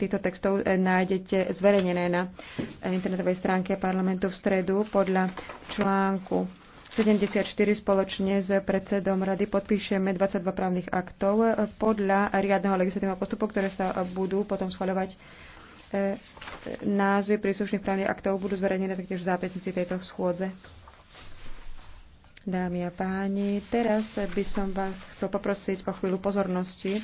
týchto textov eh, nájdete zverejnené na eh, internetovej stránke parlamentu v stredu podľa článku 74 spoločne s predsedom rady podpíšeme 22 právnych aktov eh, podľa riadneho legislatívneho postupu, ktoré sa budú potom schvaľovať názvy príslušných právnych aktov budú zverejnené taktiež v zápisnici tejto schôdze. Dámy a páni, teraz by som vás chcel poprosiť o chvíľu pozornosti.